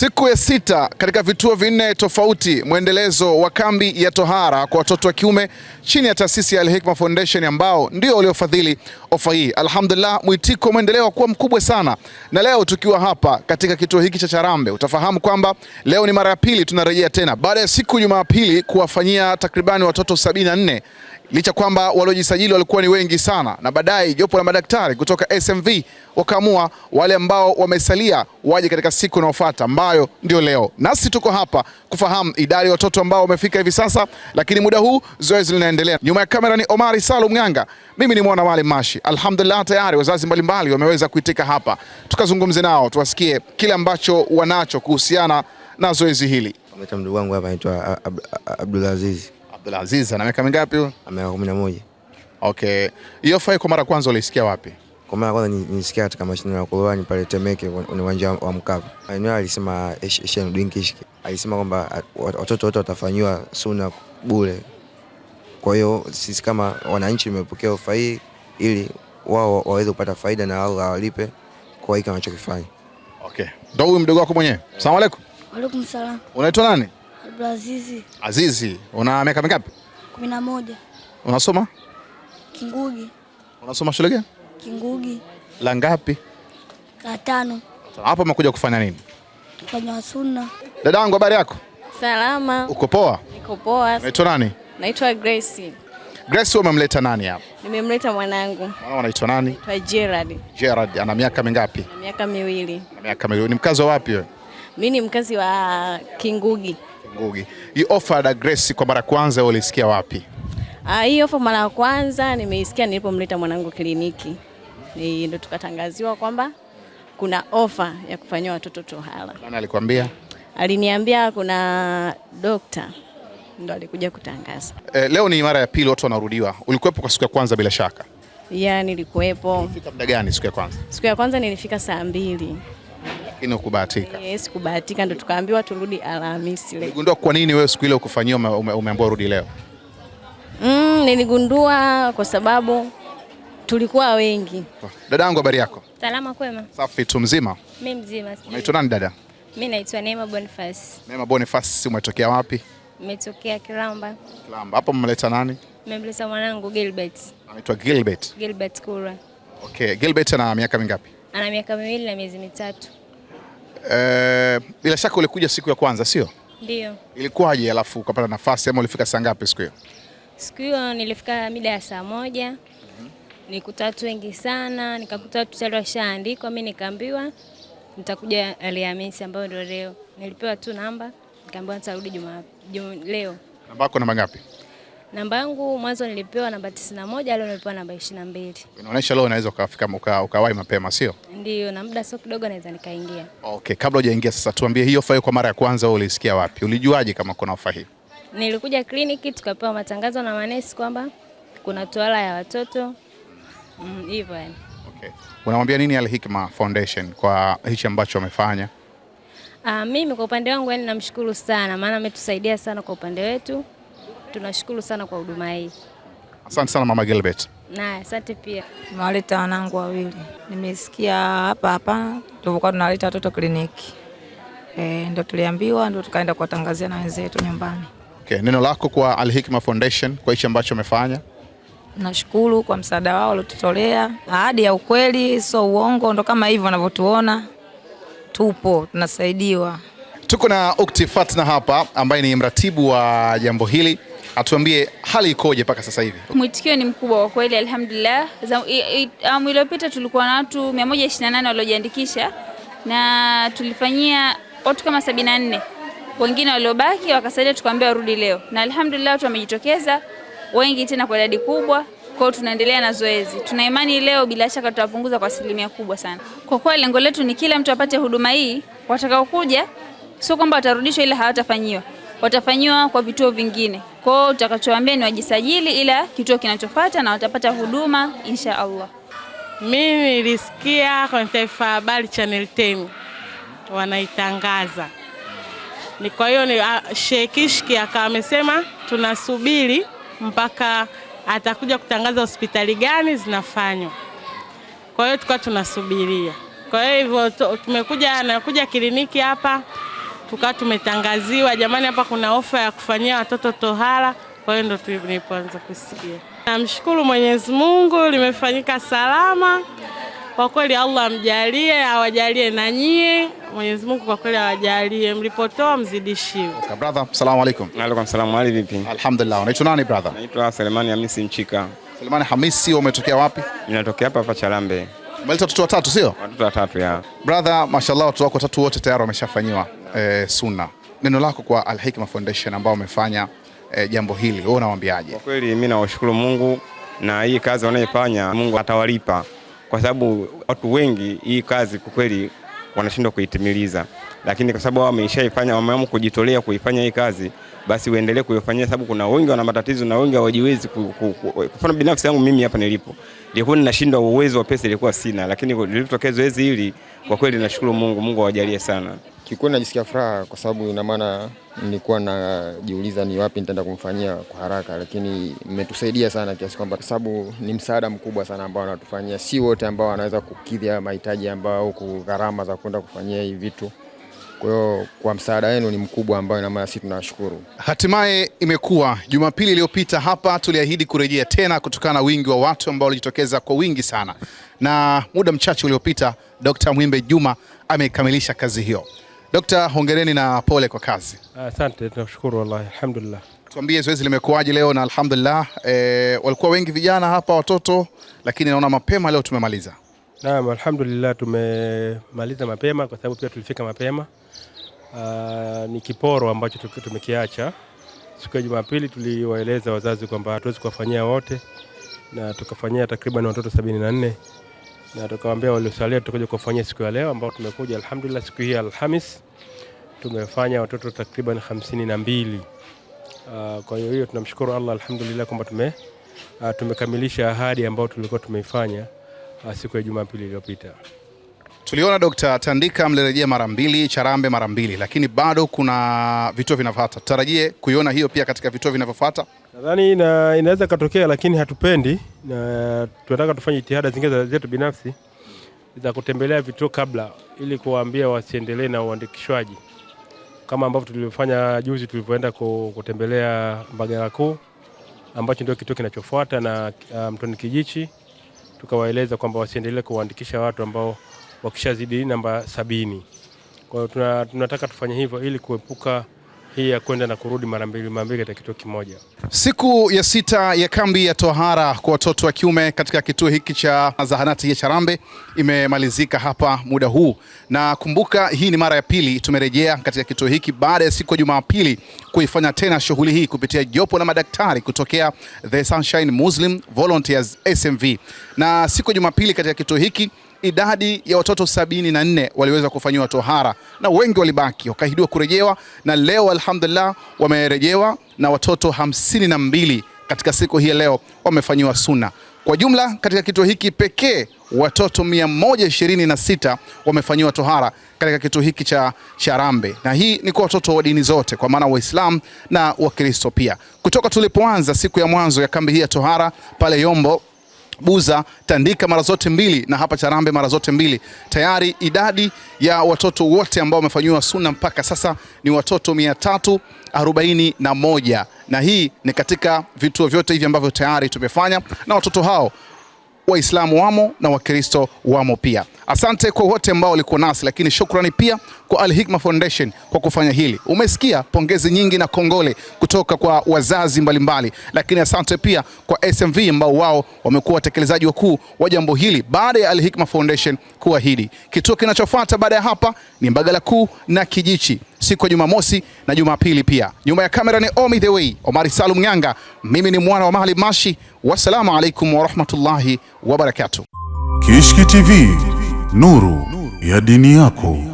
Siku ya sita katika vituo vinne tofauti, mwendelezo wa kambi ya tohara kwa watoto wa kiume chini ya taasisi ya Al Hikma Foundation ambao ndio waliofadhili ofa hii. Alhamdulillah, mwitiko umeendelea kuwa mkubwa sana, na leo tukiwa hapa katika kituo hiki cha Charambe utafahamu kwamba leo ni mara ya pili tunarejea tena baada ya siku Jumapili kuwafanyia takribani watoto nne licha kwamba waliojisajili walikuwa ni wengi sana, na baadaye jopo la madaktari kutoka SMV wakaamua wale ambao wamesalia waje katika siku inayofuata ambayo ndio leo, nasi tuko hapa kufahamu idadi ya watoto ambao wamefika hivi sasa, lakini muda huu zoezi linaendelea. Nyuma ya kamera ni Omari Salum Ng'anga, mimi ni mwana wale Mashi. Alhamdulillah, tayari wazazi mbalimbali wameweza kuitika hapa, tukazungumze nao tuwasikie kile ambacho wanacho kuhusiana na zoezi hili. Mdogo wangu hapa anaitwa Abdulaziz. Abdulaziz ana miaka mingapi huyo? Ana miaka 11. Okay. Hiyo fai kwa mara kwanza ulisikia wapi? Kwa mara kwanza nilisikia katika mashindano ya Qur'ani pale Temeke kwenye uwanja wa Mkapa. Mwenyewe alisema Asian Dinkish. Alisema kwamba watoto wote watafanyiwa suna bure. Kwa hiyo sisi kama wananchi tumepokea ofa hii ili wao waweze kupata faida na Allah awalipe kwa hiki wanachokifanya. Okay. Ndio huyu mdogo wako mwenyewe. Asalamu alaykum. Wa alaykum salaam. Unaitwa nani? Abdulazizi. Azizi, una miaka mingapi? 11. Unasoma? Kingugi. Unasoma shule gani? Kingugi. La ngapi? La tano. Hapo umekuja kufanya nini? Kufanya sunna. Dadangu, habari yako? Salama. Uko poa? Niko poa. Unaitwa nani? Naitwa Grace. Grace, wewe umemleta nani hapa? Nimemleta mwanangu. Mwana anaitwa nani? Anaitwa Gerard. Gerard ana miaka mingapi? Ana miaka miwili. Ana miaka miwili. Ni mkazi wa wapi wewe? Mimi ni mkazi wa Kingugi. Kingugi. Hii offer da Grace kwa mara kwanza ulisikia wapi? Ah, hii offer mara kwanza nimeisikia nilipomleta mwanangu kliniki. Ni ndo tukatangaziwa kwamba kuna offer ya kufanyia watoto tohara. Nani alikwambia? Aliniambia kuna daktari ndo alikuja kutangaza. E, leo ni mara ya pili watu wanarudiwa. Ulikuwepo kwa siku ya kwanza bila shaka? Ya, nilikuwepo. Ulifika muda gani siku ya kwanza? Siku ya kwanza nilifika saa mbili. Lakini ukubahatika? Yes, eh, kubahatika ndo tukaambiwa turudi Alhamisi leo. Niligundua kwa nini wewe siku ile ukufanyia umeambiwa ume, ume rudi leo? Mm, niligundua kwa sababu tulikuwa wengi. yangu habari yako? Salama kwema. Safi tu mzima? Mimi mzima. Unaitwa nani dada? Mimi naitwa Neema Boniface. Neema Boniface, umetokea wapi? metokea Kiramba. Kiramba. Hapo mmeleta nani? Mmemleta mwanangu Gilbert. Anaitwa Gilbert. Gilbert Kura. Okay, Gilbert ana miaka mingapi? Ana miaka miwili na miezi mitatu. Eh, bila shaka ulikuja siku ya kwanza, sio? Ndio. Ilikuwaje alafu ukapata nafasi ama ulifika saa ngapi siku hiyo? Siku hiyo nilifika mida ya saa moja. Mm-hmm. Nikuta watu wengi sana, nikakuta watu tayari washaandikwa, mimi nikaambiwa nitakuja Alhamisi ambayo ndio leo. Nilipewa tu namba nikaambiwa nitarudi juma, leo. Namba yako namba ngapi? Namba yangu mwanzo nilipewa namba 91, leo nimepewa namba 22. Inaonyesha leo unaweza ukafika ukawahi mapema, sio? Ndio, na muda sio kidogo naweza nikaingia. Okay, kabla hujaingia sasa, tuambie hii ofa kwa mara ya kwanza wewe ulisikia wapi? Ulijuaje kama kuna ofa hii? Nilikuja kliniki tukapewa matangazo na manesi kwamba kuna toala ya watoto mm, hivyo. Mm, okay. Unamwambia nini Al Hikma Foundation kwa hichi ambacho wamefanya? Uh, mimi kwa upande wangu yani namshukuru sana maana ametusaidia sana kwa upande wetu. Tunashukuru sana kwa huduma hii. Asante sana Mama gilbert Na asante pia. Nimewaleta wanangu wawili. Nimesikia hapa hapa tulikuwa tunaleta watoto kliniki. Eh, ndo tuliambiwa ndo tukaenda kuwatangazia na wenzetu nyumbani. Okay, neno lako kwa Al Hikma Foundation kwa hichi ambacho amefanya? Nashukuru kwa msaada wao waliotutolea. Ahadi ya ukweli, sio uongo, ndo kama hivyo wanavyotuona tupo tunasaidiwa. Tuko na Ukti Fatna hapa ambaye ni mratibu wa jambo hili, atuambie hali ikoje mpaka sasa hivi? Mwitikio ni mkubwa kwa kweli, alhamdulillah. Awamu iliyopita tulikuwa na watu 128 waliojiandikisha na tulifanyia watu kama 74 wengine waliobaki wakasaidia tukaambia warudi leo, na alhamdulillah watu wamejitokeza wengi tena kwa idadi kubwa. Kwa hiyo tunaendelea na zoezi, tuna imani leo bila shaka tutapunguza kwa asilimia kubwa sana. Kwa kuwa lengo letu ni kila mtu apate huduma hii, watakaokuja sio kwamba watarudishwa, ila hawatafanyiwa, watafanyiwa kwa vituo vingine. Kwa hiyo utakachowaambia ni wajisajili, ila kituo kinachofuata na watapata huduma insha Allah. Mimi nilisikia kwenye Taifa Habari Channel 10 wanaitangaza ni kwa hiyo ni ah, Sheikh Kishki akawa amesema tunasubiri mpaka atakuja kutangaza hospitali gani zinafanywa. Kwa hiyo tukawa tunasubiria. Kwa hiyo hivyo tumekuja, nakuja kliniki hapa, tukawa tumetangaziwa, jamani, hapa kuna ofa ya kufanyia watoto tohara. Kwa hiyo ndo tulipoanza kusikia. Namshukuru Mwenyezi Mungu, limefanyika salama. Kwa kweli Allah amjalie, awajalie na nyie. Mwenyezi Mungu kwa kweli awajalie, mlipotoa mzidishiwe. Okay, brother, asalamu alaykum. Wa alaykum salaam, hali vipi? Alhamdulillah. Unaitwa nani brother? Naitwa Selemani Hamisi Mchika. Selemani Hamisi, umetokea wapi? Ninatokea hapa hapa Chalambe. Umeleta watoto watatu sio? Watoto watatu ya. Brother, mashallah watoto wako watatu wote tayari wameshafanyiwa eh, sunna. Neno lako kwa Al Hikma Foundation ambao wamefanya eh, jambo hili, wewe unawaambiaje? Kwa kweli mimi nawashukuru Mungu na hii kazi wanayofanya Mungu atawalipa kwa sababu watu wengi hii kazi kwa kweli wanashindwa kuitimiliza, lakini kwa sababu wao wameishaifanya, wameamua kujitolea kuifanya hii kazi basi uendelee kuyofanyia, sababu kuna wengi wana matatizo na wengi hawajiwezi. Kufanya binafsi yangu mimi hapa nilipo nilikuwa ninashindwa, uwezo wa pesa ilikuwa sina, lakini lilipotokea zoezi hili, kwa kweli nashukuru Mungu. Mungu awajalie sana. Kikweli najisikia furaha kwa sababu ina maana nilikuwa najiuliza ni wapi nitaenda kumfanyia kwa haraka, lakini mmetusaidia sana kiasi kwamba, kwa sababu ni msaada mkubwa sana ambao wanatufanyia. Si wote ambao wanaweza kukidhi mahitaji ambao, gharama za kwenda kufanyia hivi vitu kwa hiyo kwa msaada wenu ni mkubwa, ambayo ina maana sisi tunashukuru. Hatimaye imekuwa Jumapili iliyopita hapa tuliahidi kurejea tena kutokana na wingi wa watu ambao walijitokeza kwa wingi sana, na muda mchache uliopita Dr. Mwimbe Juma amekamilisha kazi hiyo. Dokta, hongereni na pole kwa kazi. Asante, uh, tunashukuru wallahi, alhamdulillah. Tuambie zoezi limekuwaje leo? Na alhamdulillah, e, walikuwa wengi vijana hapa, watoto, lakini naona mapema leo tumemaliza. Naam, alhamdulillah tumemaliza mapema kwa sababu pia tulifika mapema. Uh, ni kiporo ambacho tumekiacha siku ya Jumapili. Tuliwaeleza wazazi kwamba hatuwezi kuwafanyia wote, na tukafanyia takriban watoto sabini na nne na tukawaambia waliosalia tutakuja kuwafanyia siku ya leo, ambao tumekuja alhamdulillah siku hii Alhamis tumefanya watoto takriban hamsini na mbili. Ah, kwa hiyo hiyo tunamshukuru Allah alhamdulillah kwamba tume, uh, tumekamilisha ahadi ambayo tulikuwa tumeifanya. Uh, siku ya Jumapili iliyopita. Tuliona Dokta Tandika mlirejea mara mbili, Charambe mara mbili, lakini bado kuna vituo vinavyofuata. Tutarajie kuiona hiyo pia katika vituo vinavyofuata. Nadhani ina, inaweza ikatokea, lakini hatupendi na tunataka tufanye jitihada zingine zetu binafsi za kutembelea vituo kabla, ili kuwaambia wasiendelee na uandikishwaji kama ambavyo tulivyofanya juzi tulivyoenda kutembelea Mbagala Kuu ambacho ndio kituo kinachofuata na uh, Mtoni um, Kijichi tukawaeleza kwamba wasiendelee kuwaandikisha watu ambao wakishazidi namba sabini. Kwa hiyo tunataka tufanye hivyo ili kuepuka hii ya kwenda na kurudi mara mbili mara mbili katika kituo kimoja. Siku ya sita ya kambi ya tohara kwa watoto wa kiume katika kituo hiki cha zahanati ya Charambe imemalizika hapa muda huu, na kumbuka, hii ni mara ya pili tumerejea katika kituo hiki baada ya siku ya Jumapili kuifanya tena shughuli hii kupitia jopo la madaktari kutokea The Sunshine Muslim Volunteers SMV, na siku ya Jumapili katika kituo hiki idadi ya watoto sabini na nne waliweza kufanyiwa tohara na wengi walibaki wakahidiwa kurejewa, na leo alhamdulillah wamerejewa na watoto hamsini na mbili katika siku hii leo wamefanyiwa suna. Kwa jumla katika kituo hiki pekee watoto sita wamefanyiwa tohara katika kituo hiki cha Charambe, na hii ni kwa watoto wa dini zote, kwa maana Waislamu na Wakristo pia. Kutoka tulipoanza siku ya mwanzo ya kambi hii ya tohara pale Yombo Buza, Tandika mara zote mbili na hapa Charambe mara zote mbili. Tayari idadi ya watoto wote ambao wamefanyiwa suna mpaka sasa ni watoto 341 tatu na moja na hii ni katika vituo vyote hivi ambavyo tayari tumefanya na watoto hao Waislamu wamo na Wakristo wamo pia. Asante kwa wote ambao walikuwa nasi, lakini shukrani pia kwa Al Hikma Foundation kwa kufanya hili. Umesikia pongezi nyingi na kongole kutoka kwa wazazi mbalimbali mbali. Lakini asante pia kwa SMV ambao wao wamekuwa watekelezaji wakuu wa jambo hili baada ya Al Hikma Foundation kuahidi. Kituo kinachofuata baada ya hapa ni Mbagala Kuu na Kijichi siku ya Jumamosi na Jumapili pia. Nyuma ya kamera ni Omi the Way, Omari Salum Ng'anga, mimi ni mwana wa Mahali Mashi. Wassalamu alaikum warahmatullahi wabarakatuh. Kishki TV, nuru ya dini yako.